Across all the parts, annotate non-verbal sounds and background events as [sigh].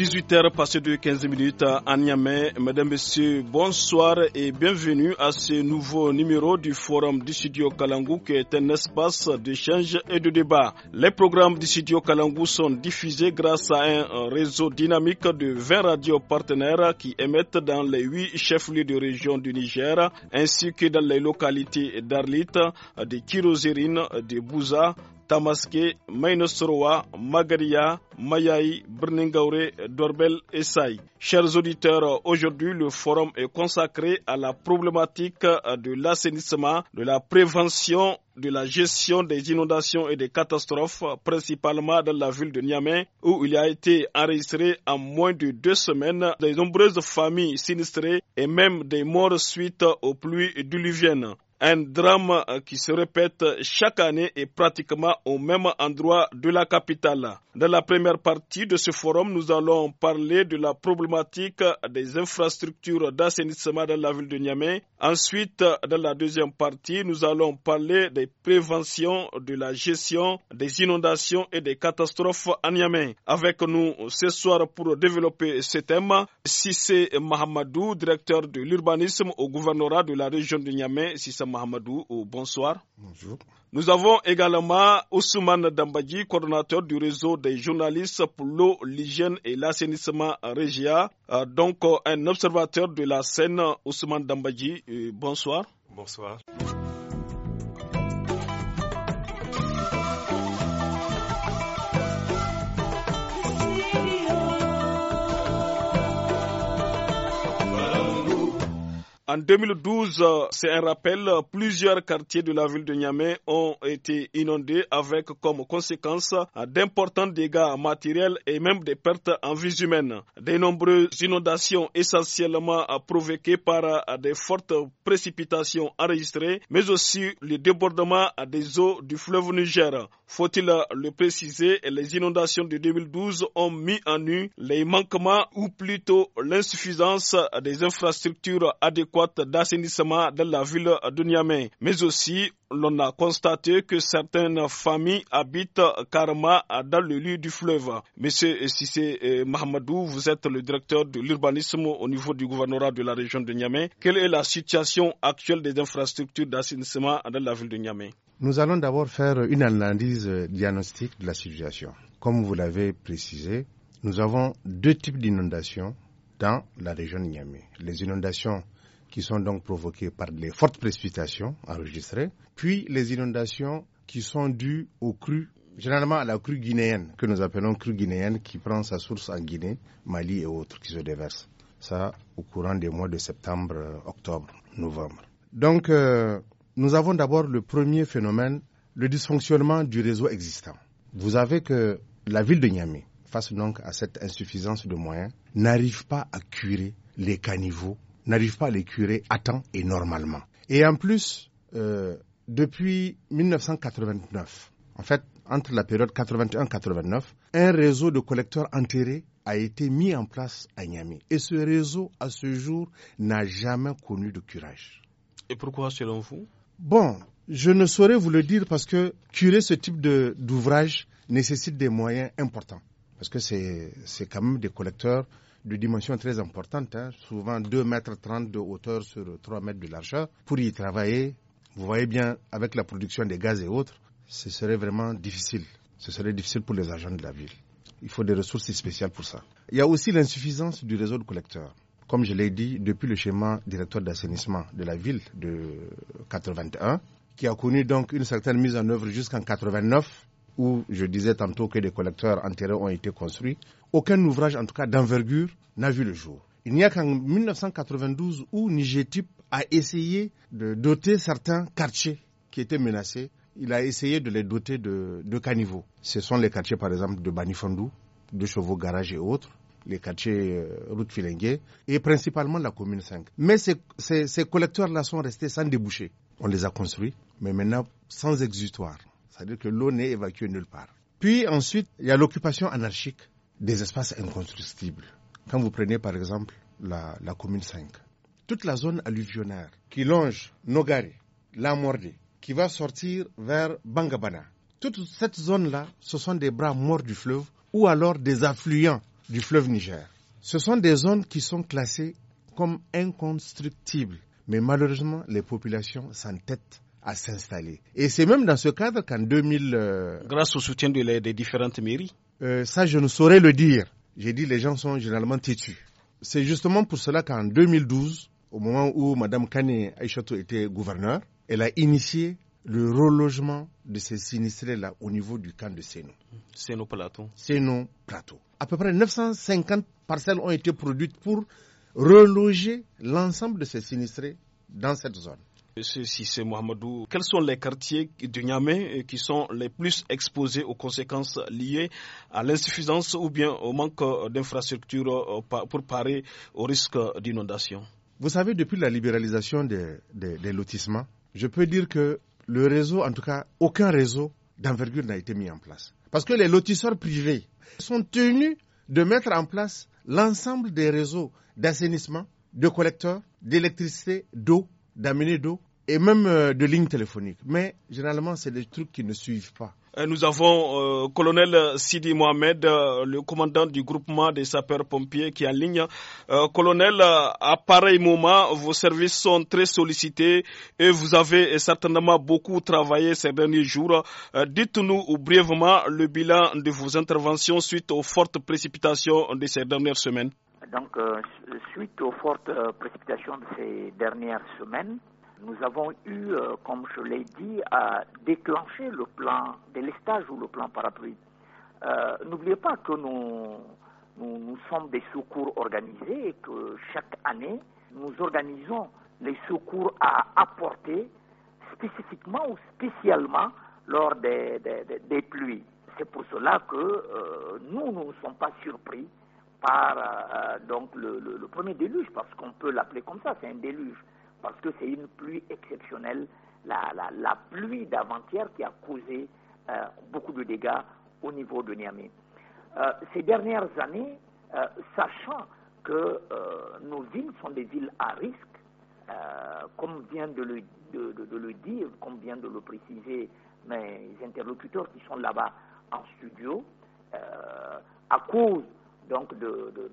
18h passé de 15 minutes à Niamey. Mesdames, Messieurs, bonsoir et bienvenue à ce nouveau numéro du Forum du Studio Kalangou qui est un espace d'échange et de débat. Les programmes du Studio Kalangou sont diffusés grâce à un réseau dynamique de 20 radios partenaires qui émettent dans les 8 chefs-lieux de région du Niger ainsi que dans les localités d'Arlit, de Kirozérine, de Bouza, tamaske Mainosroa, Magaria, mayaï Dorbel et Saï. Chers auditeurs, aujourd'hui le forum est consacré à la problématique de l'assainissement, de la prévention de la gestion des inondations et des catastrophes, principalement dans la ville de Niamey, où il a été enregistré en moins de deux semaines de nombreuses familles sinistrées et même des morts suite aux pluies diluviennes un drame euh, qui se répète chaque année et pratiquement au même endroit de la capitale. Dans la première partie de ce forum, nous allons parler de la problématique des infrastructures d'assainissement dans la ville de Niamey. Ensuite, dans la deuxième partie, nous allons parler des préventions de la gestion des inondations et des catastrophes à Niamey. Avec nous ce soir pour développer ce thème, Sissé Mahamadou, directeur de l'urbanisme au gouvernorat de la région de Niamey. Sissé Mahamadou, bonsoir. Bonjour. Nous avons également Ousmane Dambadji, coordonnateur du réseau des journalistes pour l'eau, l'hygiène et l'assainissement Régia. Euh, donc, euh, un observateur de la scène, Ousmane Dambadji, euh, bonsoir. Bonsoir. En 2012, euh, c'est un rappel, euh, plusieurs quartiers de la ville de Niamey ont été inondés avec comme conséquence euh, d'importants dégâts matériels et même des pertes en vie humaines. De nombreuses inondations essentiellement provoquées par des fortes précipitations enregistrées, mais aussi le débordement des eaux du fleuve Niger. Faut-il le préciser, les inondations de 2012 ont mis en nu les manquements ou plutôt l'insuffisance des infrastructures adéquates d'assainissement dans la ville de Niamey, mais aussi l'on a constaté que certaines familles habitent carrément dans le lieu du fleuve. Monsieur Sissé euh, Mahamadou, vous êtes le directeur de l'urbanisme au niveau du gouvernement de la région de Niamey. Quelle est la situation actuelle des infrastructures d'assainissement dans la ville de Niamey nous allons d'abord faire une analyse diagnostique de la situation. Comme vous l'avez précisé, nous avons deux types d'inondations dans la région de Niamey. Les inondations qui sont donc provoquées par les fortes précipitations enregistrées, puis les inondations qui sont dues aux crues, généralement à la crue guinéenne, que nous appelons crue guinéenne, qui prend sa source en Guinée, Mali et autres, qui se déversent. Ça, au courant des mois de septembre, octobre, novembre. Donc, euh, nous avons d'abord le premier phénomène, le dysfonctionnement du réseau existant. Vous savez que la ville de Niamey, face donc à cette insuffisance de moyens, n'arrive pas à curer les caniveaux, n'arrive pas à les curer à temps et normalement. Et en plus, euh, depuis 1989, en fait, entre la période 81-89, un réseau de collecteurs enterrés a été mis en place à Niamey. Et ce réseau, à ce jour, n'a jamais connu de curage. Et pourquoi, selon vous Bon, je ne saurais vous le dire parce que curer ce type d'ouvrage nécessite des moyens importants. Parce que c'est quand même des collecteurs de dimensions très importantes hein. souvent 2 mètres 30 de hauteur sur 3 mètres de largeur. Pour y travailler, vous voyez bien, avec la production des gaz et autres, ce serait vraiment difficile. Ce serait difficile pour les agents de la ville. Il faut des ressources spéciales pour ça. Il y a aussi l'insuffisance du réseau de collecteurs comme je l'ai dit, depuis le schéma directeur d'assainissement de la ville de 81, qui a connu donc une certaine mise en œuvre jusqu'en 89, où je disais tantôt que des collecteurs enterrés ont été construits, aucun ouvrage, en tout cas d'envergure, n'a vu le jour. Il n'y a qu'en 1992 où Nigetipe a essayé de doter certains quartiers qui étaient menacés. Il a essayé de les doter de, de caniveaux. Ce sont les quartiers, par exemple, de Banifondou, de Chevaux Garage et autres les quartiers routes euh, route et principalement la commune 5. Mais ces, collecteurs-là sont restés sans déboucher. On les a construits, mais maintenant sans exutoire. C'est-à-dire que l'eau n'est évacuée nulle part. Puis ensuite, il y a l'occupation anarchique des espaces inconstructibles. Quand vous prenez par exemple la, commune 5, toute la zone alluvionnaire qui longe Nogari, Lamordé, qui va sortir vers Bangabana, toute cette zone-là, ce sont des bras morts du fleuve ou alors des affluents du fleuve Niger. Ce sont des zones qui sont classées comme inconstructibles, mais malheureusement, les populations s'entêtent à s'installer. Et c'est même dans ce cadre qu'en 2000... Euh, Grâce au soutien de les, des différentes mairies euh, Ça, je ne saurais le dire. J'ai dit, les gens sont généralement têtus. C'est justement pour cela qu'en 2012, au moment où Mme Kane Aichato était gouverneure, elle a initié le relogement de ces sinistrés-là au niveau du camp de Sénon. Sénon Plateau. Sénon Plateau. À peu près 950 parcelles ont été produites pour reloger l'ensemble de ces sinistrés dans cette zone. Monsieur Sissé Mohamedou, quels sont les quartiers du Niamey euh, qui sont les plus exposés aux conséquences liées à l'insuffisance ou bien au manque euh, d'infrastructures euh, pour parer au risque d'inondation Vous savez, depuis la libéralisation des lotissements, je peux dire que le réseau, en tout cas, aucun réseau d'envergure n'a été mis en place. Parce que les lotisseurs privés sont tenus de mettre en place l'ensemble des réseaux d'assainissement, de collecteurs, d'électricité, d'eau, d'amener d'eau et même euh, de lignes téléphoniques. Mais généralement, c'est des trucs qui ne suivent pas. Euh, nous avons euh, colonel Sidi Mohamed, euh, le commandant du groupement des sapeurs-pompiers qui est en ligne. colonel, à pareil moment, vos services sont très sollicités et vous avez certainement beaucoup travaillé ces derniers jours. Dites-nous brièvement le bilan de vos interventions suite aux fortes précipitations de ces dernières semaines. Donc, suite aux fortes précipitations de ces dernières semaines, nous avons eu, euh, comme je l'ai dit, à déclencher le plan de l'estage ou le plan parapluie. Euh, n'oubliez pas que nous, sommes des secours organisés et que chaque année, nous organisons les secours à apporter spécifiquement ou spécialement lors des, pluies. C'est pour cela que euh, nous, ne sommes pas surpris par donc le premier déluge, parce qu'on peut l'appeler comme ça, c'est un déluge parce que c'est une pluie exceptionnelle, la, pluie d'avant-hier qui a causé euh, beaucoup de dégâts au niveau de Niamey. Euh, ces dernières années, euh, sachant que nos villes sont des villes à risque, comme vient de le, dire, comme vient de le préciser mes interlocuteurs qui sont là-bas en studio, à cause donc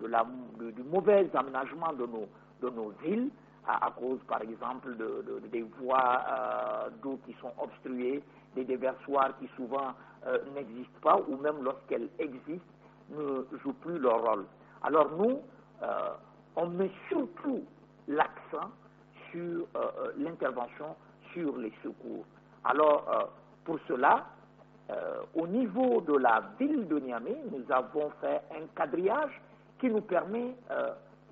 la, du mauvais aménagement de nos, de nos villes, à, cause, par exemple, de, des voies euh, d'eau qui sont obstruées, des déversoirs qui souvent euh, n'existent pas ou même lorsqu'elles existent, ne jouent plus leur rôle. Alors nous, euh, on met surtout l'accent sur l'intervention, sur les secours. Alors pour cela, au niveau de la ville de Niamey, nous avons fait un quadrillage qui nous permet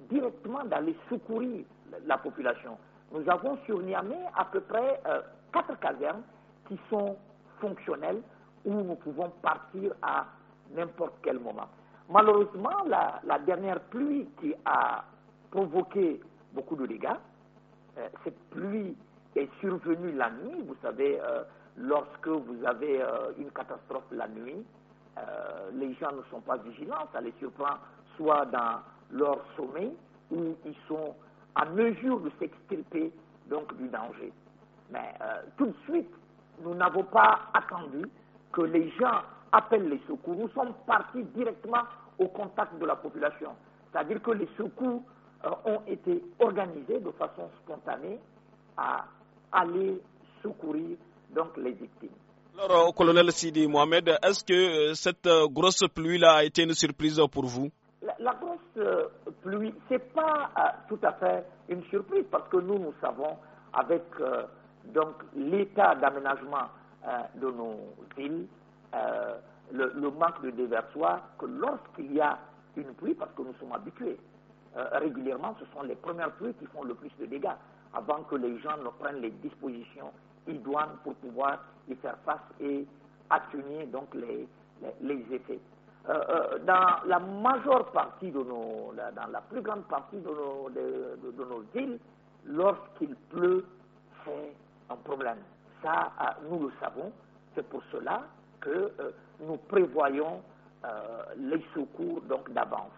directement d'aller secourir la population. Nous avons sur Niamey à peu près euh, quatre casernes qui sont fonctionnelles où nous pouvons partir à n'importe quel moment. Malheureusement, la, dernière pluie qui a provoqué beaucoup de dégâts, euh, cette pluie est survenue la nuit. Vous savez, euh, lorsque vous avez une catastrophe la nuit, les gens ne sont pas vigilants, ça les surprend soit dans leur sommeil où ils sont à mesure de s'extirper donc du danger. Mais euh, tout de suite, nous n'avons pas attendu que les gens appellent les secours. Nous sommes partis directement au contact de la population. C'est-à-dire que les secours euh, ont été organisés de façon spontanée à aller secourir donc les victimes. Alors, euh, colonel Sidi Mohamed, est-ce que cette grosse pluie-là a été une surprise pour vous la, grosse euh, pluie, ce n'est pas euh, tout à fait une surprise parce que nous, nous savons, avec euh, donc l'état d'aménagement de nos villes, le, manque de déversoir, que lorsqu'il y a une pluie, parce que nous sommes habitués, régulièrement, ce sont les premières pluies qui font le plus de dégâts avant que les gens ne prennent les dispositions idoines pour pouvoir y faire face et atténuer donc les effets. Euh, euh, dans la majeure partie de nos, dans la plus grande partie de nos, villes, lorsqu'il pleut, c'est un problème. Ça, euh, nous le savons. C'est pour cela que nous prévoyons les secours donc d'avance.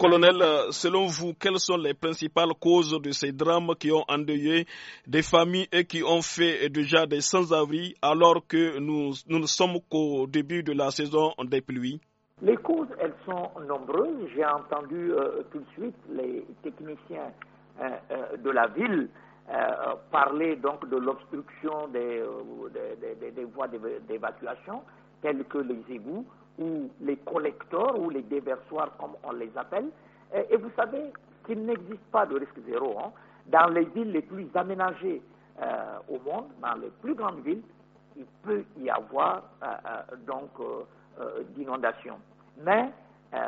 Colonel, selon vous, quelles sont les principales causes de ces drames qui ont endeuillé des familles et qui ont fait déjà des sans-abri alors que nous, nous ne sommes qu'au début de la saison des pluies les causes, elles sont nombreuses. J'ai entendu euh, tout de suite les techniciens euh, euh, de la ville parler donc de l'obstruction des, voies d'évacuation, telles que les égouts ou les collecteurs ou les déversoirs, comme on les appelle. Et, vous savez qu'il n'existe pas de risque zéro. Hein. Dans les villes les plus aménagées au monde, dans les plus grandes villes, il peut y avoir donc euh, d'inondation. Mais euh,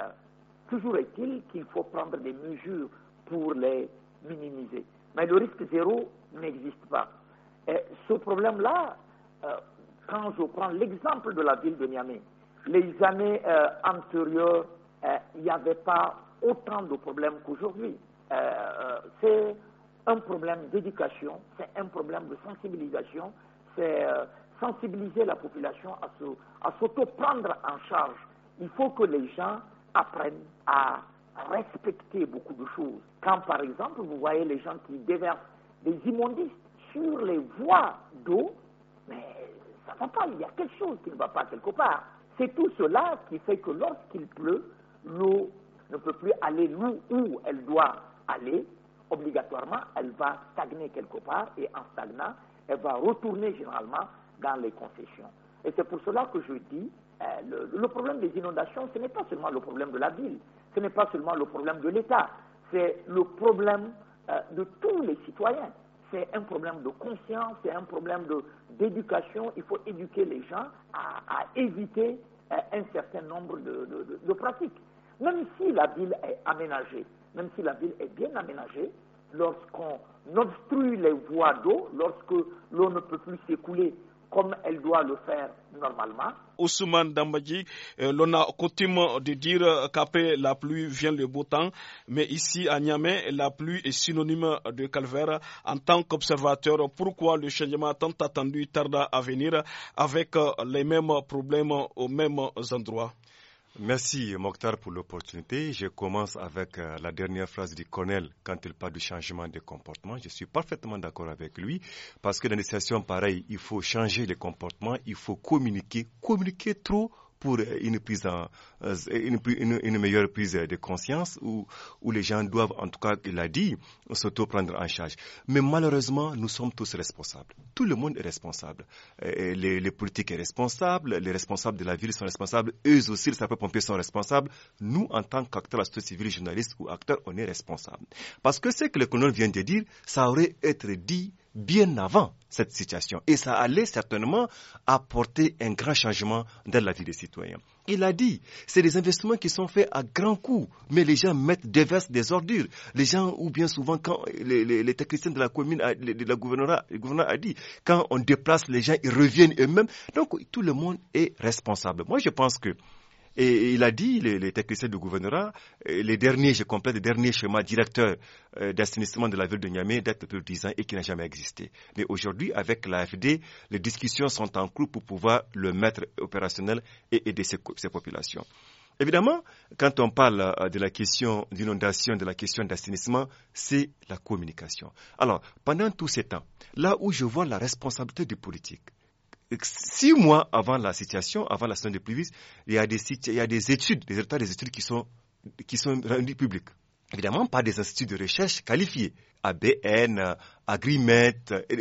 toujours est-il qu'il faut prendre des mesures pour les minimiser. Mais le risque zéro n'existe pas. Et ce problème-là, euh, quand je prends l'exemple de la ville de Niamey, les années antérieures, il n'y avait pas autant de problèmes qu'aujourd'hui. c'est un problème d'éducation, c'est un problème de sensibilisation, c'est sensibiliser la population à s'auto-prendre en charge. Il faut que les gens apprennent à respecter beaucoup de choses. Quand, par exemple, vous voyez les gens qui déversent des immondices sur les voies d'eau, mais ça ne va pas, il y a quelque chose qui ne va pas quelque part. C'est tout cela qui fait que lorsqu'il pleut, l'eau ne peut plus aller où elle doit aller. Obligatoirement, elle va stagner quelque part et en stagnant, elle va retourner généralement dans les concessions. Et c'est pour cela que je dis, hein, le, problème des inondations, ce n'est pas seulement le problème de la ville, ce n'est pas seulement le problème de l'État, c'est le problème euh, de tous les citoyens. C'est un problème de conscience, c'est un problème d'éducation. Il faut éduquer les gens à, éviter euh, un certain nombre de, de pratiques. Même si la ville est aménagée, même si la ville est bien aménagée, lorsqu'on obstrue les voies d'eau, lorsque l'eau ne peut plus s'écouler comme elle doit le faire normalement. Ousmane Dambadji, euh, l'on a coutume de dire qu'après la pluie vient le beau temps, mais ici à Niamey, la pluie est synonyme de calvaire. En tant qu'observateur, pourquoi le changement tant attendu tarde à venir avec euh, les mêmes problèmes aux mêmes endroits Merci Mokhtar pour l'opportunité. Je commence avec euh, la dernière phrase du colonel quand il parle du changement de comportement. Je suis parfaitement d'accord avec lui parce que dans des situations pareilles, il faut changer les comportements, il faut communiquer. Communiquer trop pour une prise en, euh, une, une, meilleure prise de conscience où, où les gens doivent, en tout cas, il a dit, s'auto-prendre en charge. Mais malheureusement, nous sommes tous responsables. Tout le monde est responsable. les, les, politiques sont responsables, les responsables de la ville sont responsables, eux aussi, les sapeurs-pompiers sont responsables. Nous, en tant qu'acteurs, la société civile, journalistes ou acteurs, on est responsables. Parce que ce que le colonel vient de dire, ça aurait été dit bien avant cette situation. Et ça allait certainement apporter un grand changement dans la vie des citoyens. Il a dit, c'est des investissements qui sont faits à grand coût, mais les gens mettent, déversent des ordures. Les gens, ou bien souvent, quand les, les, techniciens de la commune, de la gouverneur a dit, quand on déplace les gens, ils reviennent eux-mêmes. Donc, tout le monde est responsable. Moi, je pense que et il a dit, les, techniciens du gouvernorat, euh, les derniers, je complète, les derniers schémas directeurs euh, d'assainissement de la ville de Niamey d'être de plus 10 ans et qui n'a jamais existé. Mais aujourd'hui, avec l'AFD, les discussions sont en cours pour pouvoir le mettre opérationnel et aider ces, populations. Évidemment, quand on parle euh, de la question d'inondation, de la question d'assainissement, c'est la communication. Alors, pendant tous ces temps, là où je vois la responsabilité des politiques, six mois avant la situation, avant la saison des pluies, il y a des, il des études, des résultats des études qui sont, qui sont rendus publics. Évidemment, par des instituts de recherche qualifiés, ABN, Agrimet,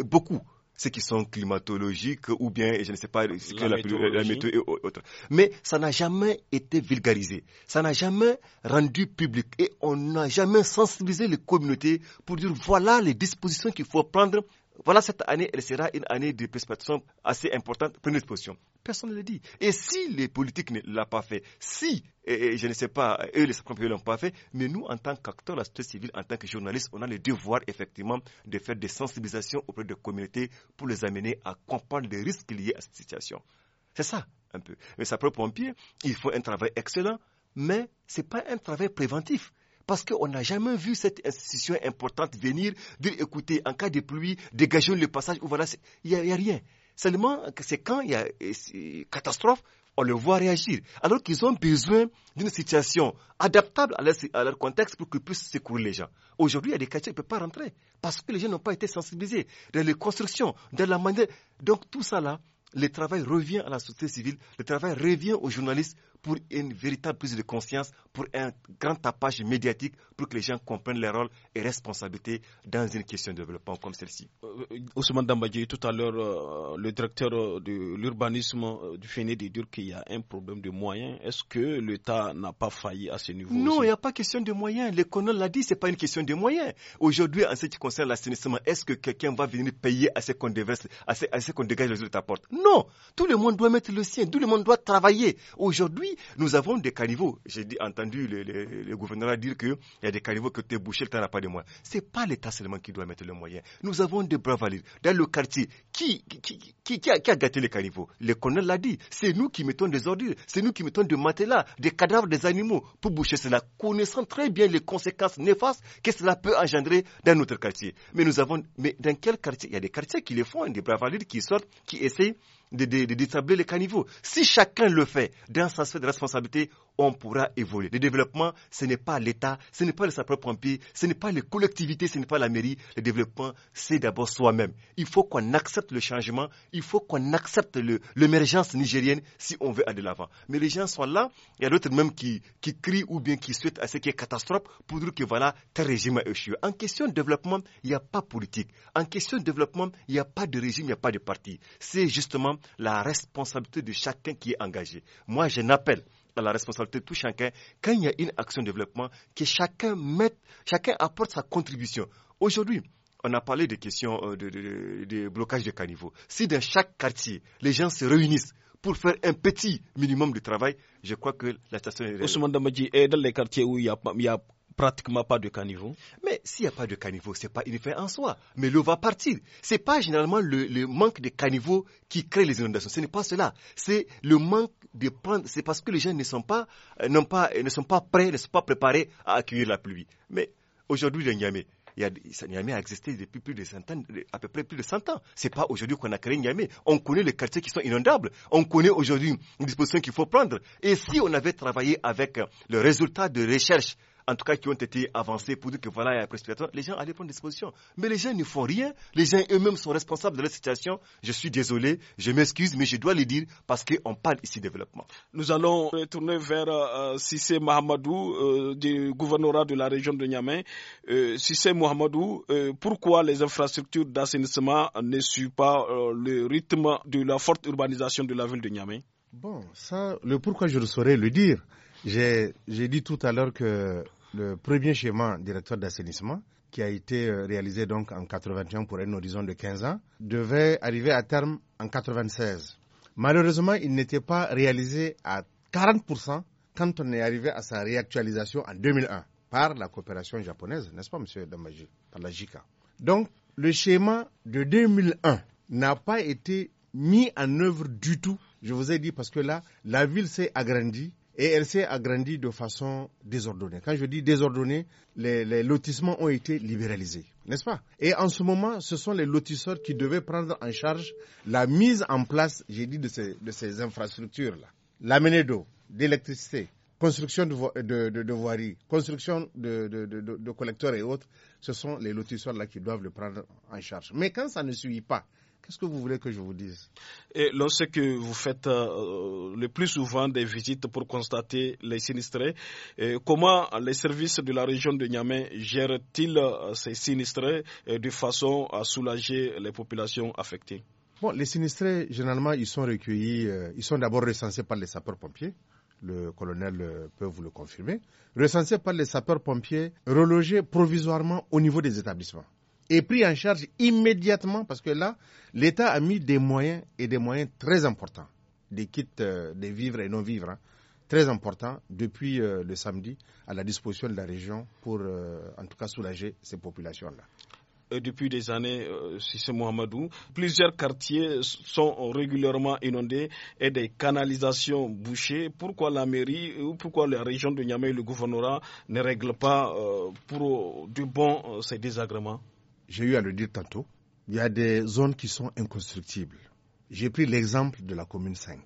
beaucoup, ceux qui sont climatologiques ou bien, je ne sais pas, la, la, météo et autres. Mais ça n'a jamais été vulgarisé, ça n'a jamais rendu public et on n'a jamais sensibilisé les communautés pour dire voilà les dispositions qu'il faut prendre voilà cette année, elle sera une année de précipitation assez importante, prenez position. Personne ne le dit. Et si les politiques ne l'ont pas fait, si, je ne sais pas, eux, les propres ne l'ont pas fait, mais nous, en tant qu'acteurs, de la société civile, en tant que journalistes, on a le devoir, effectivement, de faire des sensibilisations auprès des communautés pour les amener à comprendre les risques liés à cette situation. C'est ça, un peu. Mais sapeurs-pompiers, il faut un travail excellent, mais ce n'est pas un travail préventif. Parce qu'on n'a jamais vu cette institution importante venir dire écoutez, en cas de pluie, dégageons le passage, ou voilà, il n'y a, rien. Seulement, c'est quand il y a euh, catastrophe, on le voit réagir. Alors qu'ils ont besoin d'une situation adaptable à leur, à leur contexte pour qu'ils puissent secourir les gens. Aujourd'hui, il y a des quartiers qui ne peuvent pas rentrer parce que les gens n'ont pas été sensibilisés dans les constructions, dans la manière. Donc tout ça là, le travail revient à la société civile, le travail revient aux journalistes pour une véritable prise de conscience, pour un grand tapage médiatique, pour que les gens comprennent leur rôles et responsabilités dans une question de développement comme celle-ci. Euh, Ousmane Dambadji, tout à l'heure, euh, le directeur euh, de l'urbanisme du FENE dit dire qu'il y a un problème de moyens. Est-ce que l'État n'a pas failli à ce niveau Non, il n'y a pas question de moyens. L'économiste l'a dit, ce n'est pas une question de moyens. Aujourd'hui, en ce qui concerne l'assainissement, est-ce que quelqu'un va venir payer à ce qu'on déverse, assez qu'on dégage les Non, tout le monde doit mettre le sien, tout le monde doit travailler. Aujourd'hui, nous avons des caniveaux. J'ai entendu le, gouverneur dire qu'il y a des caniveaux que tu es bouché, tu as pas de moyens. Ce n'est pas l'État seulement qui doit mettre le moyen. Nous avons des braves Dans le quartier, qui, a, gâté les caniveaux Le colonel l'a dit. C'est nous qui mettons des ordures, c'est nous qui mettons des matelas, des cadavres des animaux pour boucher cela, connaissant très bien les conséquences néfastes que cela peut engendrer dans notre quartier. Mais nous avons, mais dans quel quartier Il y a des quartiers qui les font, des braves qui sortent, qui essaient de, de, les caniveaux. Si chacun le fait dans sa fait de responsabilité, on pourra évoluer. Le développement, ce n'est pas l'État, ce n'est pas le propre empire, ce n'est pas les collectivités, ce n'est pas la mairie. Le développement, c'est d'abord soi-même. Il faut qu'on accepte le changement, il faut qu'on accepte l'émergence nigérienne si on veut aller de l'avant. Mais les gens sont là, il y a d'autres même qui, qui crient ou bien qui souhaitent à ce qui est catastrophe pour dire que voilà, tel régime a échoué. En question de développement, il n'y a pas politique. En question de développement, il n'y a pas de régime, il n'y a pas de parti. C'est justement la responsabilité de chacun qui est engagé. Moi, je n'appelle la responsabilité de tout chacun quand il y a une action de développement, que chacun chacun apporte sa contribution. Aujourd'hui, on a parlé des questions euh, de, blocage de caniveaux. Si dans chaque quartier, les gens se réunissent pour faire un petit minimum de travail, je crois que la station est... Ousmane Damadji, eh, dans les quartiers où il il y a pratiquement pas de caniveau. Mais s'il n'y a pas de caniveau, ce n'est pas une fin en soi. Mais l'eau va partir. Ce n'est pas généralement le, manque de caniveau qui crée les inondations. Ce n'est pas cela. C'est le manque de prendre. C'est parce que les gens ne sont pas, euh, pas, euh, ne sont pas prêts, ne sont pas préparés à accueillir la pluie. Mais aujourd'hui, le Niamey, il y a, a existé depuis plus de cent ans, à peu près plus de 100 ans. n'est pas aujourd'hui qu'on a créé Niamey. On connaît les quartiers qui sont inondables. On connaît aujourd'hui une disposition qu'il faut prendre. Et si on avait travaillé avec euh, le résultat de recherche en tout cas qui ont été avancés pour dire que voilà, il y a un les gens allaient prendre des dispositions. Mais les gens ne font rien. Les gens eux-mêmes sont responsables de la situation. Je suis désolé, je m'excuse, mais je dois le dire parce qu'on parle ici développement. Nous allons retourner vers Sissé euh, Mahamadou euh, du gouvernorat de la région de Niamey. Sissé euh, Mahamadou, pourquoi les infrastructures d'assainissement ne suivent pas le rythme de la forte urbanisation de la ville de Niamey Bon, ça, le pourquoi je le saurais le dire. J'ai dit tout à l'heure que le premier schéma directeur d'assainissement, qui a été euh, réalisé donc en 81 pour un horizon de 15 ans, devait arriver à terme en 96. Malheureusement, il n'était pas réalisé à 40% quand on est arrivé à sa réactualisation en 2001 par la coopération japonaise, n'est-ce pas, monsieur Damaji, par la JICA. Donc, le schéma de 2001 n'a pas été mis en œuvre du tout. Je vous ai dit parce que là, la ville s'est agrandie, et elle s'est agrandie de façon désordonnée. Quand je dis désordonnée, les, lotissements ont été libéralisés, n'est-ce pas Et en ce moment, ce sont les lotisseurs qui devaient prendre en charge la mise en place, j'ai dit, de ces, infrastructures-là. L'amener d'eau, d'électricité, construction de, de, de, voiries, construction de, collecteurs et autres, ce sont les lotisseurs là qui doivent le prendre en charge. Mais quand ça ne suit pas, Qu'est-ce que vous voulez que je vous dise Et lorsque vous faites euh, le plus souvent des visites pour constater les sinistrés, comment les services de la région de Niamey gèrent-ils euh, ces sinistrés de façon à soulager les populations affectées Bon, les sinistrés, généralement, ils sont recueillis, euh, ils sont d'abord recensés par les sapeurs-pompiers. Le colonel peut vous le confirmer. Recensés par les sapeurs-pompiers, relogés provisoirement au niveau des établissements est pris en charge immédiatement parce que là, l'État a mis des moyens et des moyens très importants, des kits euh, de vivres et non-vivres, hein, très importants depuis euh, le samedi à la disposition de la région pour euh, en tout cas soulager ces populations-là. depuis des années, si c'est Mohamedou, plusieurs quartiers sont régulièrement inondés et des canalisations bouchées. Pourquoi la mairie ou pourquoi la région de Niamey et le gouvernement, ne règle pas pour du bon ces désagréments j'ai eu à le dire tantôt, il y a des zones qui sont inconstructibles. J'ai pris l'exemple de la commune 5.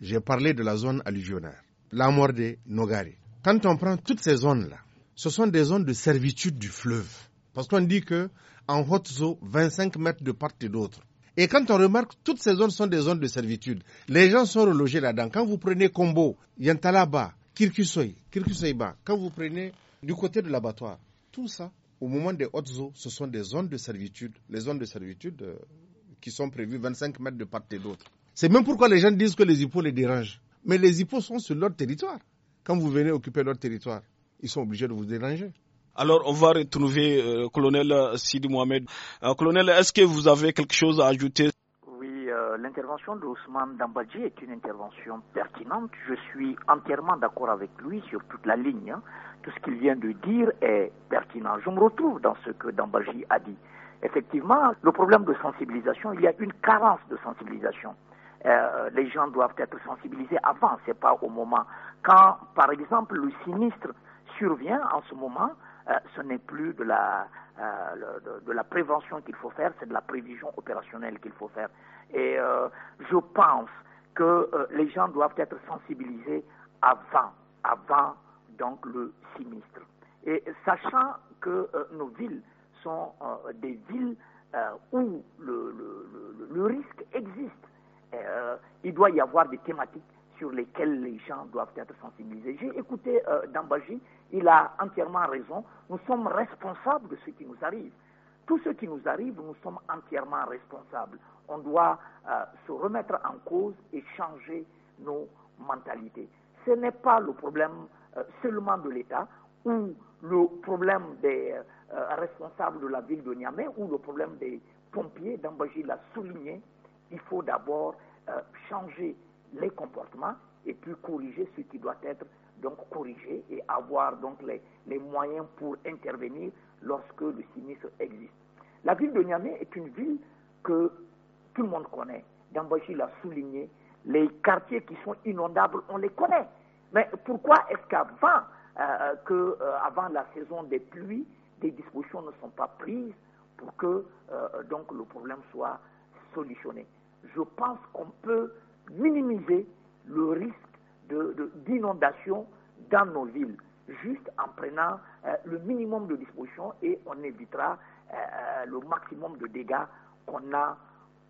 J'ai parlé de la zone alluvionnaire, la mort des Nogari. Quand on prend toutes ces zones-là, ce sont des zones de servitude du fleuve. Parce qu'on dit que en haute eau, 25 mètres de part et d'autre. Et quand on remarque, toutes ces zones sont des zones de servitude. Les gens sont relogés là-dedans. Quand vous prenez Combo, Yantalaba, Kirkusoy, Kirkusoyba, quand vous prenez du côté de l'abattoir, tout ça, au moment des hautes eaux, ce sont des zones de servitude, les zones de servitude euh, qui sont prévues 25 mètres de part et d'autre. C'est même pourquoi les gens disent que les hippos les dérangent. Mais les hippos sont sur leur territoire. Quand vous venez occuper leur territoire, ils sont obligés de vous déranger. Alors, on va retrouver euh, colonel Sidi Mohamed. Euh, colonel, est-ce que vous avez quelque chose à ajouter euh, l'intervention de Ousmane Dambadji est une intervention pertinente. Je suis entièrement d'accord avec lui sur toute la ligne. Hein. Tout ce qu'il vient de dire est pertinent. Je me retrouve dans ce que Dambadji a dit. Effectivement, le problème de sensibilisation, il y a une carence de sensibilisation. Euh, les gens doivent être sensibilisés avant, ce n'est pas au moment. Quand, par exemple, le sinistre survient en ce moment, euh, ce n'est plus de la prévention qu'il faut faire, c'est de la prévision opérationnelle qu'il faut faire. Et euh, je pense que euh, les gens doivent être sensibilisés avant, avant donc le sinistre. Et sachant que euh, nos villes sont des villes où le, le, risque existe, il doit y avoir des thématiques sur lesquelles les gens doivent être sensibilisés. J'ai écouté Dambaji, il a entièrement raison. Nous sommes responsables de ce qui nous arrive. Tout ce qui nous arrive, nous sommes entièrement responsables on doit euh, se remettre en cause et changer nos mentalités. Ce n'est pas le problème euh, seulement de l'État ou le problème des euh, responsables de la ville de Niamey ou le problème des pompiers d'Ambaji l'a souligné. Il faut d'abord changer les comportements et puis corriger ce qui doit être donc corrigé et avoir donc les, les moyens pour intervenir lorsque le sinistre existe. La ville de Niamey est une ville que tout le monde connaît. Dambachi l'a souligné. Les quartiers qui sont inondables, on les connaît. Mais pourquoi est-ce qu'avant euh, euh, la saison des pluies, des dispositions ne sont pas prises pour que euh, donc le problème soit solutionné Je pense qu'on peut minimiser le risque d'inondation dans nos villes juste en prenant le minimum de dispositions et on évitera le maximum de dégâts qu'on a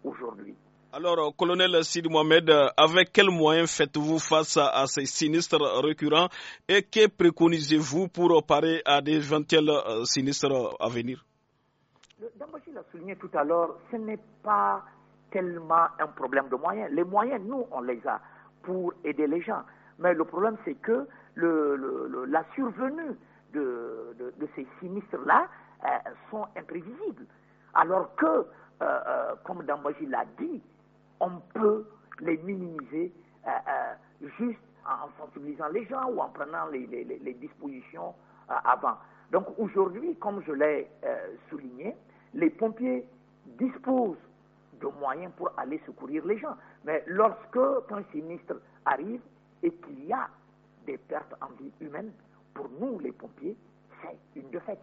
aujourd'hui. Alors, euh, colonel Sid Mohamed, euh, avec quels moyens faites-vous face à ces sinistres récurrents et que préconisez-vous pour parer à des éventuels euh, sinistres à venir je l'a souligné tout à l'heure, ce n'est pas tellement un problème de moyens. Les moyens, nous, on les a pour aider les gens. Mais le problème, c'est que la survenue de, ces sinistres-là sont imprévisibles. Alors que, euh, euh, comme Dambaji l'a dit, on peut les minimiser euh, juste en sensibilisant les gens ou en prenant les, dispositions avant. Donc aujourd'hui, comme je l'ai souligné, les pompiers disposent de moyens pour aller secourir les gens. Mais lorsque un sinistre arrive et qu'il y a des pertes en vie humaine, pour nous les pompiers, c'est une défaite.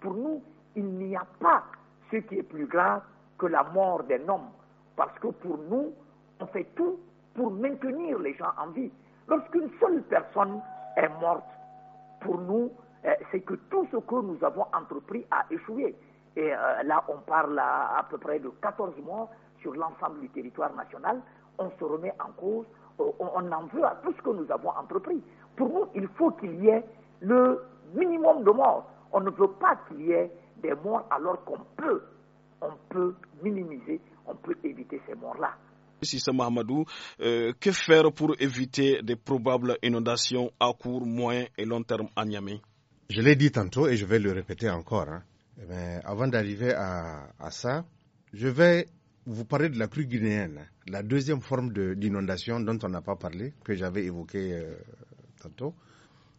Pour nous, il n'y a pas ce qui est plus grave que la mort d'un homme. Parce que pour nous, on fait tout pour maintenir les gens en vie. Lorsqu'une seule personne est morte, pour nous, eh, c'est que tout ce que nous avons entrepris a échoué. Et euh, là, on parle à, peu près de 14 mois sur l'ensemble du territoire national. On se remet en cause, euh, on, en veut à tout ce que nous avons entrepris. Pour nous, il faut qu'il y ait le minimum de morts. On ne veut pas qu'il y ait des morts alors qu'on peut, on peut minimiser, on peut éviter ces morts-là. Monsieur Mahamadou, euh, que faire pour éviter des probables inondations à court, moyen et long terme à Niamey Je l'ai dit tantôt et je vais le répéter encore. Hein. Eh avant d'arriver à, ça, je vais vous parler de la crue guinéenne, la deuxième forme d'inondation dont on n'a pas parlé, que j'avais évoquée euh, tantôt.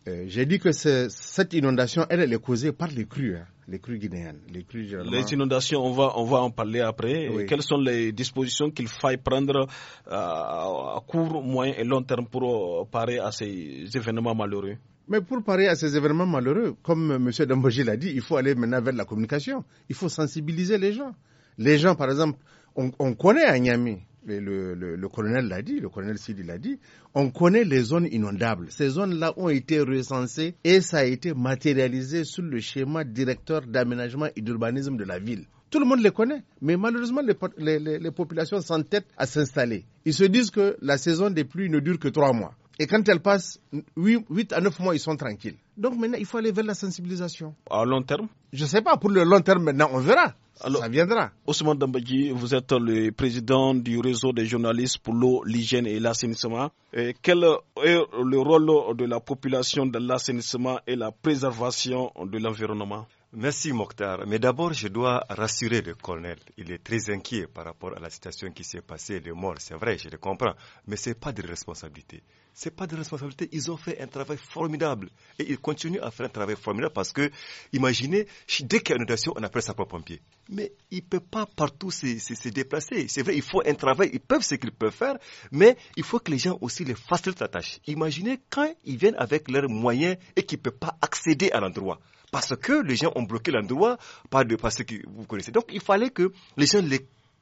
Euh, j'ai dit que cette inondation, elle, elle est causée par les crues. Hein les crues guinéennes, les crues Les inondations, on va, on va en parler après. Quelles sont les dispositions qu'il faille prendre euh, à court, moyen et long terme pour euh, parer à ces événements malheureux mais pour parer à ces événements malheureux, comme euh, M. Dambogi l'a dit, il faut aller maintenant vers la communication. Il faut sensibiliser les gens. Les gens, par exemple, on, on connaît à Niamey le, colonel l'a dit, le colonel Sidi l'a dit, on connaît les zones inondables. Ces zones-là ont été recensées et ça a été matérialisé sur le schéma directeur d'aménagement et d'urbanisme de la ville. Tout le monde les connaît, mais malheureusement, les, les populations s'entêtent à s'installer. Ils se disent que la saison des pluies ne dure que trois mois. Et quand elles passent 8, à 9 mois, ils sont tranquilles. Donc maintenant, il faut aller vers la sensibilisation. À long terme Je ne sais pas. Pour le long terme, maintenant, on verra. ça viendra. Ousmane Dambadji, vous êtes le président du réseau des journalistes pour l'eau, l'hygiène et l'assainissement. Quel est le rôle de la population dans l'assainissement et la préservation de l'environnement Merci Mokhtar. Mais d'abord, je dois rassurer le colonel. Il est très inquiet par rapport à la situation qui s'est passée, les morts. C'est vrai, je le comprends. Mais ce n'est pas de responsabilité. Ce pas de responsabilité. Ils ont fait un travail formidable. Et ils continuent à faire un travail formidable parce que, imaginez, dès qu'il y a une inondation, on appelle sa propre pompier. Mais il ne peut pas partout se, déplacer. C'est vrai, il faut un travail. Ils peuvent ce qu'ils peuvent faire. Mais il faut que les gens aussi les facilitent la tâche. Imaginez quand ils viennent avec leurs moyens et qu'ils ne peuvent pas accéder à l'endroit parce que les gens ont bloqué l'endroit par de parce que vous connaissez. Donc il fallait que les gens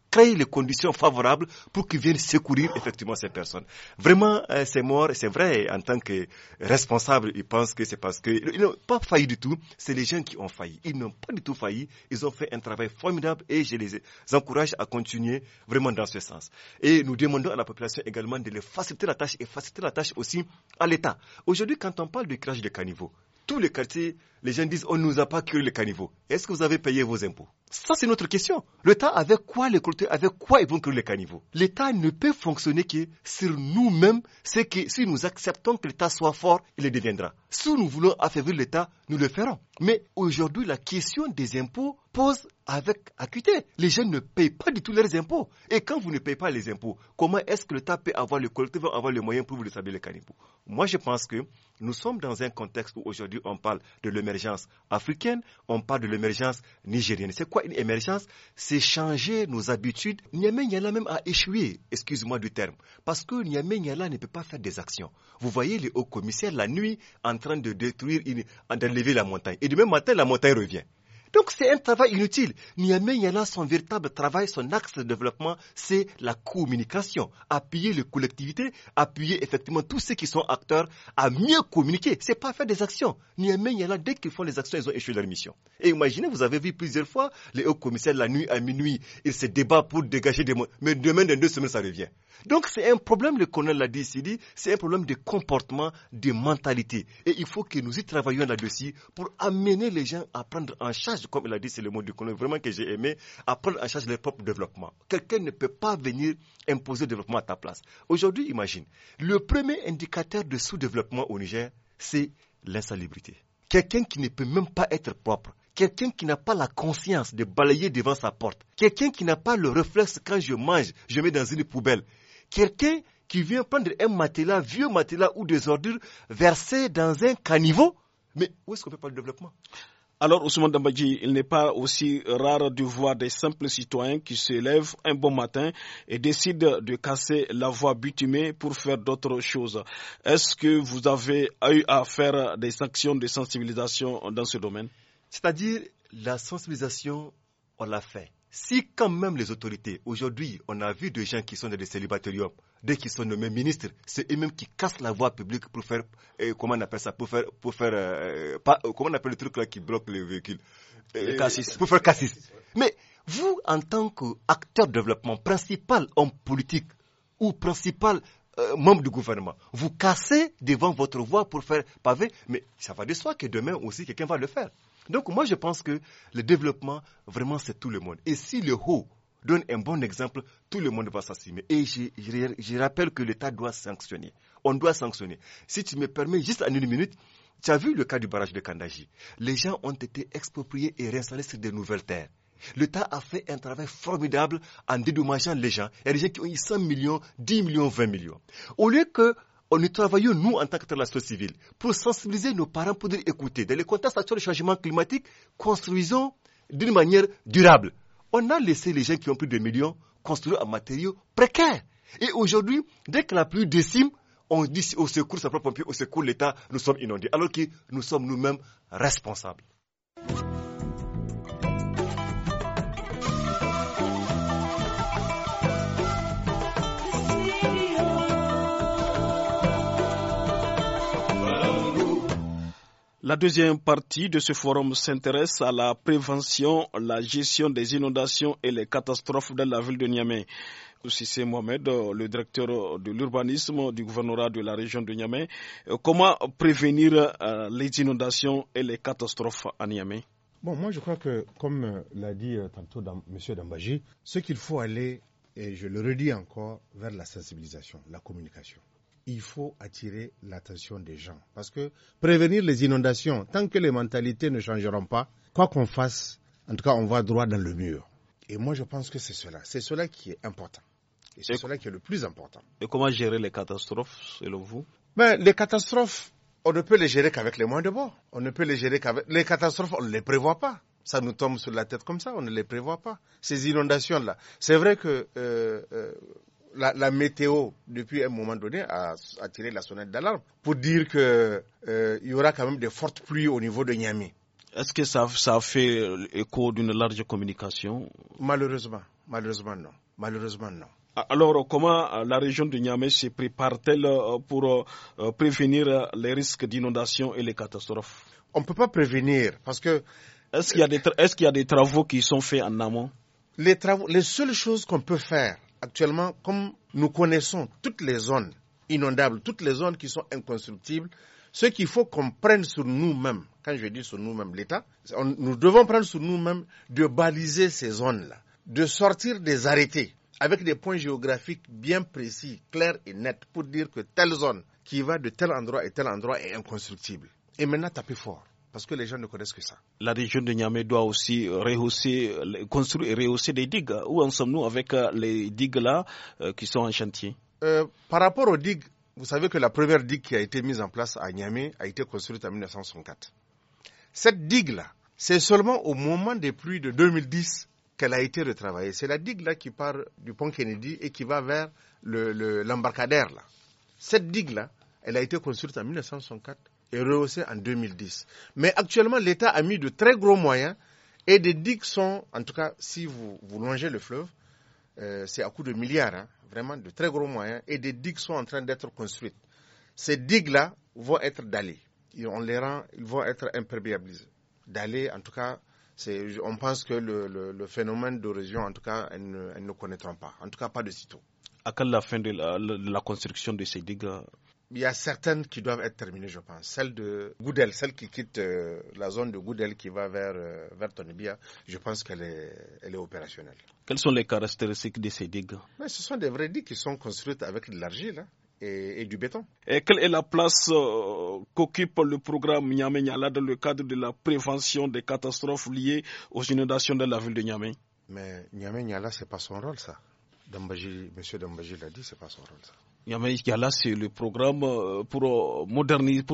créent les conditions favorables pour qu'ils viennent secourir effectivement ces personnes. Vraiment, euh, c'est mort, c'est vrai, en tant que responsable, ils pensent que c'est parce qu'ils n'ont pas failli du tout, c'est les gens qui ont failli. Ils n'ont pas du tout failli, ils ont fait un travail formidable et je les encourage à continuer vraiment dans ce sens. Et nous demandons à la population également de les faciliter la tâche et faciliter la tâche aussi à l'État. Aujourd'hui, quand on parle du crash de caniveau, tous les quartiers, les gens disent on ne nous a pas curé le caniveau. Est-ce que vous avez payé vos impôts ça, c'est notre question. L'État, avec quoi les avec quoi ils vont créer les caniveaux L'État ne peut fonctionner que sur nous-mêmes, c'est que si nous acceptons que l'État soit fort, il le deviendra. Si nous voulons affaiblir l'État, nous le ferons. Mais aujourd'hui, la question des impôts pose avec acuité. Les jeunes ne payent pas du tout leurs impôts. Et quand vous ne payez pas les impôts, comment est-ce que l'État peut avoir les avoir les moyens pour vous sabler les caniveaux Moi, je pense que nous sommes dans un contexte où aujourd'hui, on parle de l'émergence africaine, on parle de l'émergence nigérienne. C'est quoi une émergence C'est changer nos habitudes. Niamey Niala même a échoué, excuse-moi du terme, parce que Niamey Niala ne peut pas faire des actions. Vous voyez les hauts commissaires la nuit en train de détruire, d'enlever la montagne. Et du même matin, la montagne revient. Donc c'est un travail inutile. Niamey là son véritable travail, son axe de développement, c'est la communication. Appuyer les collectivités, appuyer effectivement tous ceux qui sont acteurs à mieux communiquer. C'est pas faire des actions. Niamey là, dès qu'ils font les actions, ils ont échoué leur mission. Et imaginez, vous avez vu plusieurs fois, les hauts commissaires, la nuit à minuit, ils se débattent pour dégager des mots. Mais demain, dans deux semaines, ça revient. Donc c'est un problème, le colonel l'a dit ici, c'est un problème de comportement, de mentalité. Et il faut que nous y travaillions là-dessus pour amener les gens à prendre en charge comme il a dit, c'est le mot du colon, vraiment que j'ai aimé, à prendre en charge leur propre développement. Quelqu'un ne peut pas venir imposer le développement à ta place. Aujourd'hui, imagine, le premier indicateur de sous-développement au Niger, c'est l'insalubrité. Quelqu'un qui ne peut même pas être propre, quelqu'un qui n'a pas la conscience de balayer devant sa porte, quelqu'un qui n'a pas le réflexe quand je mange, je mets dans une poubelle, quelqu'un qui vient prendre un matelas, vieux matelas ou des ordures, versé dans un caniveau, mais où est-ce qu'on peut parler de développement alors, Ousmane Dambadji, il n'est pas aussi rare de voir des simples citoyens qui se lèvent un bon matin et décident de casser la voie bitumée pour faire d'autres choses. Est-ce que vous avez eu à faire des sanctions de sensibilisation dans ce domaine C'est-à-dire, la sensibilisation, on l'a fait. Si quand même les autorités, aujourd'hui, on a vu des gens qui sont des célibataires dès qu'ils sont nommés ministres, c'est eux-mêmes qui cassent la voie publique pour faire, euh, comment on appelle ça, pour faire, pour faire euh, pas, euh, comment on appelle le truc là qui bloque les véhicules Pour faire cassis. Mais vous, en tant qu'acteur de développement, principal homme politique ou principal membre du gouvernement, vous cassez devant votre voie pour faire pavé, mais ça va de soi que demain aussi quelqu'un va le faire. Donc moi je pense que le développement, vraiment c'est tout le monde. Et si le haut donne un bon exemple, tout le monde va s'assumer. Et je, rappelle que l'État doit sanctionner. On doit sanctionner. Si tu me permets, juste en une minute, tu as vu le cas du barrage de Kandaji. Les gens ont été expropriés et réinstallés sur de nouvelles terres. L'État a fait un travail formidable en dédommageant les gens. Il gens qui ont eu 100 millions, 10 millions, 20 millions. Au lieu que on y travaillons, nous, en tant que la civile, pour sensibiliser nos parents, pour dire écouter. dans le contexte actuel du changement climatique, construisons d'une manière durable on a laissé les gens qui ont plus de millions construire un matériau précaire. Et aujourd'hui, dès que la pluie décime, on dit au secours sa propre pompier, au secours l'État, nous sommes inondés, alors que nous sommes nous-mêmes responsables. La deuxième partie de ce forum s'intéresse à la prévention, la gestion des inondations et les catastrophes dans la ville de Niamey. C'est Mohamed, euh, le directeur de l'urbanisme du gouvernorat de la région de Niamey. Euh, comment prévenir euh, les inondations et les catastrophes à Niamey Bon, moi je crois que, comme l'a dit tantôt M. Dambaji, ce qu'il faut aller, et je le redis encore, vers la sensibilisation, la communication il faut attirer l'attention des gens. Parce que prévenir les inondations, tant que les mentalités ne changeront pas, quoi qu'on fasse, en tout cas, on va droit dans le mur. Et moi, je pense que c'est cela. C'est cela qui est important. Et c'est cela qui est le plus important. Et comment gérer les catastrophes, selon vous Mais ben, Les catastrophes, on ne peut les gérer qu'avec les moyens de bord. On ne peut les gérer qu'avec... Les catastrophes, on ne les prévoit pas. Ça nous tombe sur la tête comme ça, on ne les prévoit pas. Ces inondations-là. C'est vrai que euh, euh, la, météo, depuis un moment donné, a, tiré la sonnette d'alarme pour dire qu'il euh, y aura quand même de fortes pluies au niveau de Niamey. Est-ce que ça, fait écho d'une large communication Malheureusement, malheureusement non. Malheureusement Alors, comment euh, la région de Niamey se prépare-t-elle euh, pour prévenir les risques d'inondation et les catastrophes On ne peut pas prévenir parce que. Est-ce qu'il y, a des travaux qui sont faits en amont les, travaux, les seules choses qu'on peut faire, actuellement, comme nous connaissons toutes les zones inondables, toutes les zones qui sont inconstructibles, ce qu'il faut qu'on prenne sur nous-mêmes, quand je dis sur nous-mêmes l'État, nous devons prendre sur nous-mêmes de baliser ces zones-là, de sortir des arrêtés avec des points géographiques bien précis, clairs et nets, pour dire que telle zone qui va de tel endroit et tel endroit est inconstructible. Et maintenant, tapez fort parce que les gens ne connaissent que ça. La région de Niamey doit aussi rehausser, construire et rehausser des digues. Où en sommes-nous avec euh, les digues là euh, qui sont en chantier euh, Par rapport aux digues, vous savez que la première digue qui a été mise en place à Niamey a été construite en 1964. Cette digue là, c'est seulement au moment des pluies de 2010 qu'elle a été retravaillée. C'est la digue là qui part du pont Kennedy et qui va vers l'embarcadère là. Cette digue là, elle a été construite en 1964 et rehaussé en 2010. Mais actuellement, l'État a mis de très gros moyens et des digues sont, en tout cas, si vous, longez le fleuve, euh, c'est à coup de milliards, hein, vraiment de très gros moyens, et des digues sont en train d'être construites. Ces digues-là vont être dallées. on les rend, ils vont être imperméabilisés. Dallées, en tout cas, on pense que le, le, le phénomène en tout cas, elles ne, connaîtront pas. En tout cas, pas de sitôt. À quelle fin de la construction de ces digues hein? il y a certaines qui doivent être terminées, je pense. Celle de Goudel, celle qui quitte euh, la zone de Goudel qui va vers, euh, Tonibia, je pense qu'elle est, opérationnelle. Quelles sont les caractéristiques de ces digues Ce sont des vraies digues qui sont construites avec de l'argile. Hein, et, du béton. Et quelle est la place euh, qu'occupe le programme Niamey Nyala dans le cadre de la prévention des catastrophes liées aux inondations de la ville de Niamey Mais Niamey Nyala, ce n'est pas son rôle, ça. Monsieur M. l'a dit, ce n'est pas son rôle, ça a c'est le programme euh, euh, pour moderniser,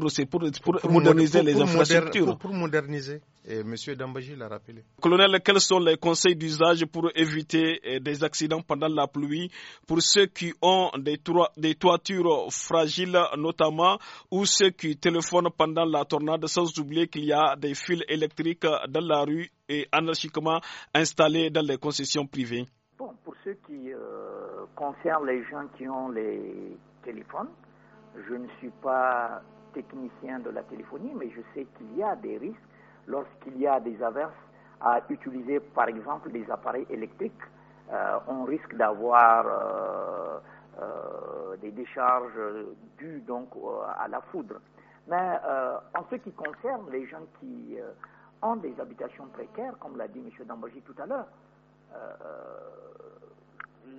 les infrastructures. pour, moderniser, et Monsieur Dambaji l'a rappelé. Colonel, quels sont les conseils d'usage pour éviter euh, des accidents pendant la pluie pour ceux qui ont des, des toitures fragiles notamment ou ceux qui téléphonent pendant la tornade sans oublier qu'il y a des fils électriques dans la rue et anarchiquement installés dans les concessions privées pour ce qui euh, concerne les gens qui ont les téléphones, je ne suis pas technicien de la téléphonie, mais je sais qu'il y a des risques lorsqu'il y a des averses à utiliser, par exemple, des appareils électriques. Euh, on risque d'avoir euh, des décharges dues donc à la foudre. Mais en ce qui concerne les gens qui ont des habitations précaires, comme l'a dit M. Dambogi tout à l'heure, euh,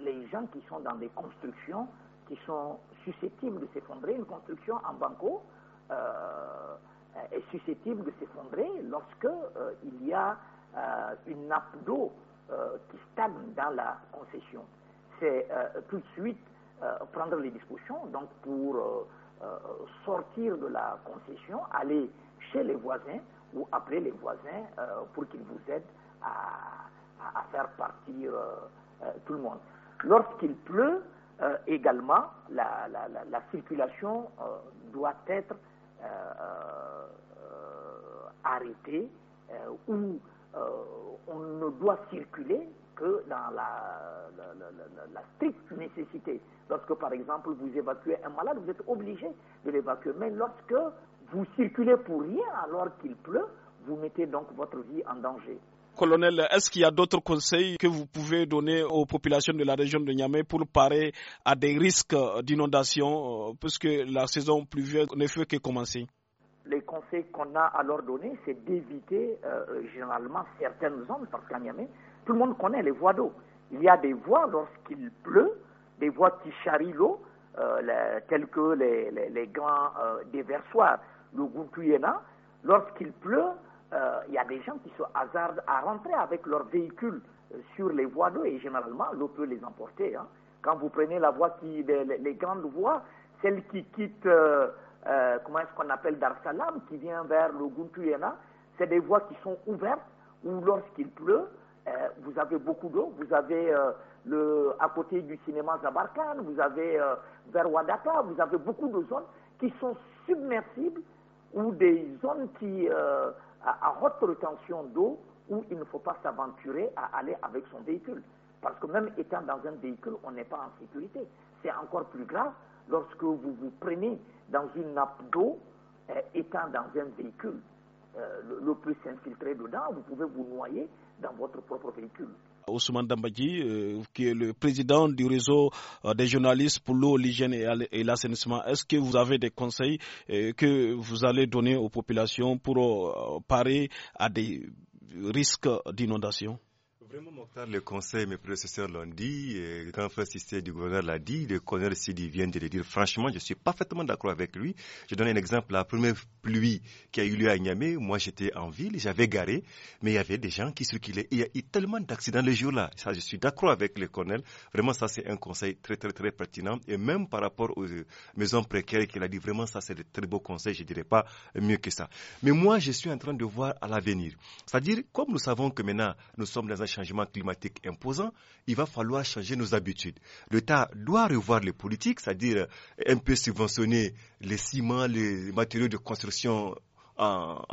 les gens qui sont dans des constructions qui sont susceptibles de s'effondrer. Une construction en banco euh, est susceptible de s'effondrer lorsque euh, il y a une nappe d'eau qui stagne dans la concession. C'est tout de suite prendre les discussions donc pour sortir de la concession, aller chez les voisins ou après les voisins pour qu'ils vous aident à à, faire partir euh, euh, tout le monde. Lorsqu'il pleut, euh, également, la, circulation doit être arrêtée ou on ne doit circuler que dans la, la, stricte nécessité. Lorsque, par exemple, vous évacuez un malade, vous êtes obligé de l'évacuer. Mais lorsque vous circulez pour rien alors qu'il pleut, vous mettez donc votre vie en danger. Colonel, est-ce qu'il y a d'autres conseils que vous pouvez donner aux populations de la région de Niamey pour parer à des risques d'inondation, euh, puisque la saison pluvieuse ne fait que commencer les conseils qu'on a à leur donner, c'est d'éviter euh, généralement certaines zones, parce qu'à Niamey, tout le monde connaît les voies d'eau. Il y a des voies, lorsqu'il pleut, des voies qui charrient l'eau, euh, telles que les, grands déversoirs, le Goutuyena. Lorsqu'il pleut, il euh, y a des gens qui se hasardent à rentrer avec leur véhicule euh, sur les voies d'eau et généralement l'eau peut les emporter. Hein. Quand vous prenez la voie qui, les, grandes voies, celles qui quittent, euh, comment est-ce qu'on appelle Dar Salam, qui vient vers le Guntuyana, c'est des voies qui sont ouvertes où lorsqu'il pleut, vous avez beaucoup d'eau, vous avez le, à côté du cinéma Zabarkan, vous avez vers Ouadata, vous avez beaucoup de zones qui sont submersibles ou des zones qui à, haute retention d'eau où il ne faut pas s'aventurer à aller avec son véhicule. Parce que même étant dans un véhicule, on n'est pas en sécurité. C'est encore plus grave lorsque vous vous prenez dans une nappe d'eau, euh, étant dans un véhicule. Euh, le, plus s'infiltrer dedans, vous pouvez vous noyer dans votre propre véhicule. Ousmane Dambadji, euh, qui est le président du réseau euh, des journalistes pour l'eau, l'hygiène et, l'assainissement. Est-ce que vous avez des conseils euh, que vous allez donner aux populations pour parer à des risques d'inondation Vraiment, Mokhtar, le conseil, mes prédécesseurs l'ont dit, et grand Frère du gouverneur l'a dit, le colonel Sidi vient de le dire. Franchement, je suis parfaitement d'accord avec lui. Je donne un exemple. La première pluie qui a eu lieu à Niamey, moi j'étais en ville, j'avais garé, mais il y avait des gens qui circulaient. Il y a eu tellement d'accidents le jour-là. Ça, je suis d'accord avec le colonel. Vraiment, ça, c'est un conseil très, très, très pertinent. Et même par rapport aux euh, maisons précaires qu'il a dit, vraiment, ça, c'est de très beaux conseils. Je ne dirais pas mieux que ça. Mais moi, je suis en train de voir à l'avenir. C'est-à-dire, comme nous savons que maintenant, nous sommes dans un changement changement climatique imposant, il va falloir changer nos habitudes. L'État doit revoir les politiques, c'est-à-dire un peu subventionner les ciments, les matériaux de construction en,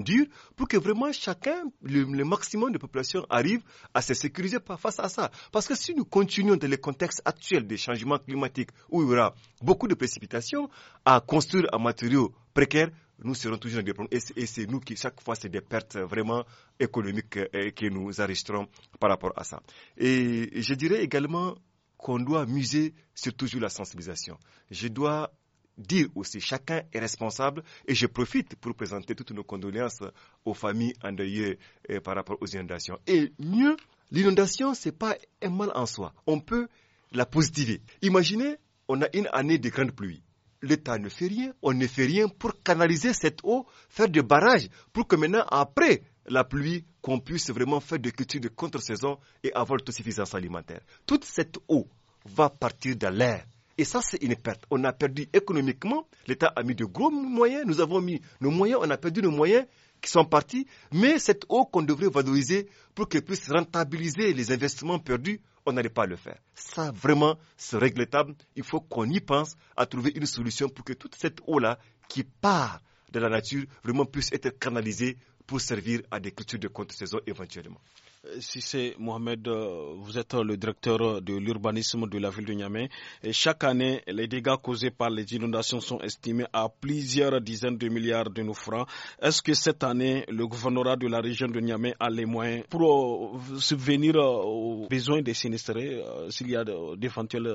dur pour que vraiment chacun, le, maximum de population arrive à se sécuriser face à ça. Parce que si nous continuons dans le contexte actuel des changements climatiques où il y aura beaucoup de précipitations, à construire un matériau précaire, nous serons toujours dans des problèmes. Et c'est nous qui, chaque fois, c'est des pertes vraiment économiques euh, que nous arrêterons par rapport à ça. Et je dirais également qu'on doit muser sur toujours la sensibilisation. Je dois dire aussi, chacun est responsable et je profite pour présenter toutes nos condoléances aux familles endeuillées euh, par rapport aux inondations. Et mieux, l'inondation, ce n'est pas un mal en soi. On peut la positiver. Imaginez, on a une année de grandes pluie l'État ne fait rien, on ne fait rien pour canaliser cette eau, faire des barrages, pour que maintenant, après la pluie, qu'on puisse vraiment faire des cultures de contre-saison et avoir suffisance alimentaire. Toute cette eau va partir dans l'air. Et ça, c'est une perte. On a perdu économiquement, l'État a mis de gros moyens, nous avons mis nos moyens, on a perdu nos moyens qui sont partis, mais cette eau qu'on devrait valoriser pour qu'elle puisse rentabiliser les investissements perdus, on n'allait pas le faire. Ça, vraiment, c'est regrettable. Il faut qu'on y pense à trouver une solution pour que toute cette eau-là qui part de la nature vraiment puisse être canalisée pour servir à des cultures de contre-saison éventuellement. Euh, si c'est Mohamed, euh, vous êtes euh, le directeur de l'urbanisme de la ville de Niamey. Et chaque année, les dégâts causés par les inondations sont estimés à plusieurs dizaines de milliards de francs. Est-ce que cette année, le gouvernorat de la région de Niamey a les moyens pour subvenir aux besoins des sinistrés s'il y a d'éventuelles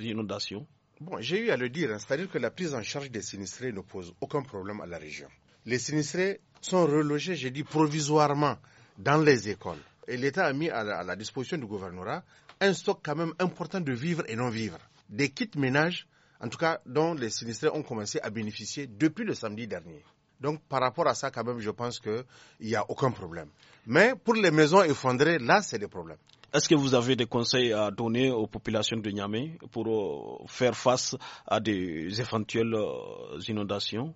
inondations Bon, j'ai eu à le dire, hein, c'est-à-dire que la prise en charge des sinistrés ne pose aucun problème à la région. Les sinistrés sont relogés, j'ai dit, provisoirement dans les écoles. Et l'État a mis à la, disposition du gouvernorat un stock quand même important de vivre et non vivre. Des kits ménages, en tout cas, dont les sinistrés ont commencé à bénéficier depuis le samedi dernier. Donc, par rapport à ça, quand même, je pense qu'il n'y a aucun problème. Mais pour les maisons effondrées, là, c'est des problèmes. Est-ce que vous avez des conseils à donner aux populations de Niamey pour euh, faire face à des éventuelles euh, inondations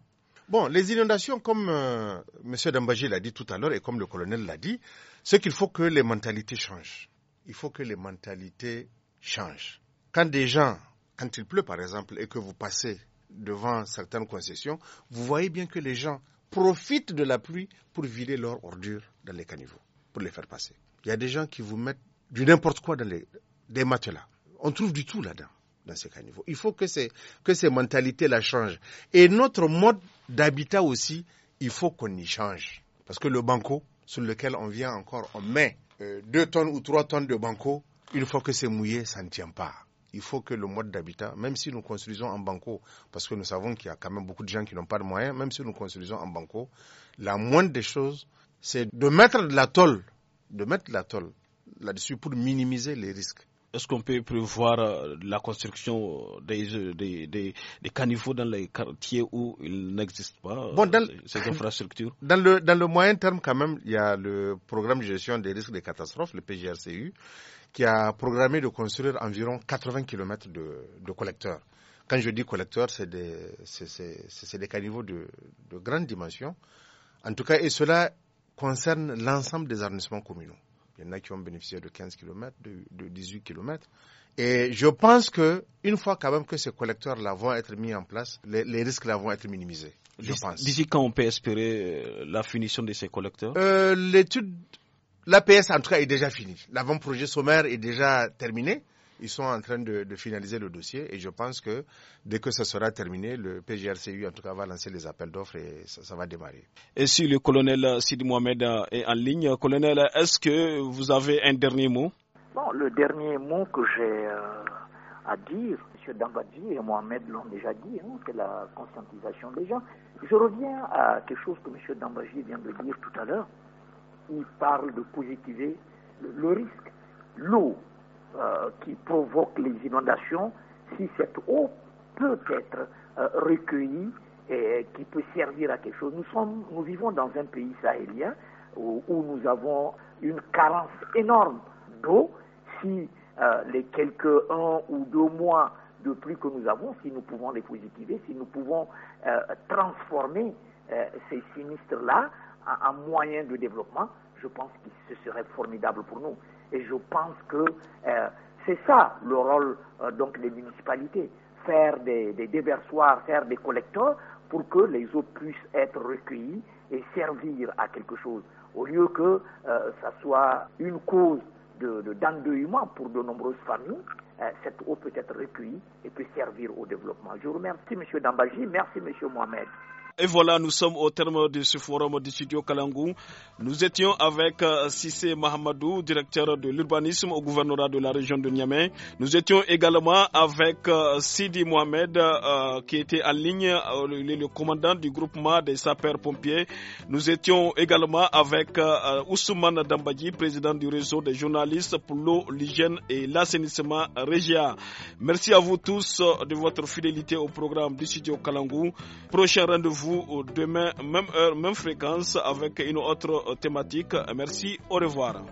Bon, les inondations, comme euh, M. Dambaji l'a dit tout à l'heure et comme le colonel l'a dit, ce qu'il faut que les mentalités changent. Il faut que les mentalités changent. Quand des gens, quand il pleut par exemple, et que vous passez devant certaines concessions, vous voyez bien que les gens profitent de la pluie pour vider leurs ordures dans les caniveaux, pour les faire passer. Il y a des gens qui vous mettent du n'importe quoi dans les, des matelas. On trouve du tout là-dedans, dans ces caniveaux. Il faut que ces, que ces mentalités-là changent. Et notre mode d'habitat aussi, il faut qu'on y change. Parce que le banco, sur lequel on vient encore, on met euh, deux tonnes ou trois tonnes de banco, une fois que c'est mouillé, ça ne tient pas. Il faut que le mode d'habitat, même si nous construisons en banco, parce que nous savons qu'il y a quand même beaucoup de gens qui n'ont pas de moyens, même si nous construisons en banco, la moindre des choses, c'est de mettre de la tôle, de mettre de la tôle là-dessus pour minimiser les risques est-ce qu'on peut prévoir euh, la construction euh, euh, des, des, des, caniveaux dans les quartiers où il n'existe pas dans, ces infrastructures [laughs] dans le, dans le moyen terme, quand même, il y a le programme de gestion des risques des catastrophes, le PGRCU, qui a programmé de construire environ 80 km de, de collecteurs. Quand je dis collecteurs, c'est des, c'est, des caniveaux de, de grande dimension. En tout cas, et cela concerne l'ensemble des arrondissements communaux. Il y en a qui ont bénéficié de 15 km, de, 18 km. Et je pense que fois quand même que ces collecteurs-là vont être mis en place, les, risques-là vont être minimisés. Je pense. D'ici quand on peut espérer euh, la finition de ces collecteurs euh, L'étude, l'APS en tout cas est déjà finie. L'avant-projet sommaire est déjà terminé. Ils sont en train de, finaliser le dossier et je pense que dès que ça sera terminé, le PGRCU en tout cas va lancer les appels d'offres et ça, va démarrer. Et si le colonel Sid Mohamed est en ligne, colonel, est-ce que vous avez un dernier mot Bon, le dernier mot que j'ai euh, à dire, M. Dambadji et Mohamed l'ont déjà dit, hein, c'est la conscientisation des gens. Je reviens à quelque chose que M. Dambadji vient de dire tout à l'heure. Il parle de positiver le risque. L'eau, euh, qui provoque les inondations, si cette eau peut être euh, recueillie et qui peut servir à quelque chose. Nous, sommes, nous vivons dans un pays sahélien où, nous avons une carence énorme d'eau. Si euh, les quelques un ou deux mois de pluie que nous avons, si nous pouvons les positiver, si nous pouvons transformer ces sinistres-là en, en moyens de développement, je pense que ce serait formidable pour nous. Et je pense que euh, c'est ça le rôle euh, donc des municipalités, faire des, déversoirs, faire des collecteurs pour que les eaux puissent être recueillies et servir à quelque chose, au lieu que ce euh, ça soit une cause d'endeuillement de, pour de nombreuses familles. Cette eau peut être recueillie et peut servir au développement. Je vous remercie, M. Dambaji. Merci, M. Mohamed. Et voilà, nous sommes au terme de ce forum du studio Kalangou. Nous étions avec euh, Sissé Mahamadou, directeur de l'urbanisme au gouvernorat de la région de Niamey. Nous étions également avec euh, Sidi Mohamed, euh, qui était en ligne, le, commandant du groupement des sapeurs-pompiers. Nous étions également avec Ousmane Dambadji, président du réseau des journalistes pour l'eau, l'hygiène et l'assainissement régional. Merci à vous tous de votre fidélité au programme du studio Kalangou. Prochain rendez-vous vous demain, même heure, même fréquence, avec une autre thématique. Merci, au revoir.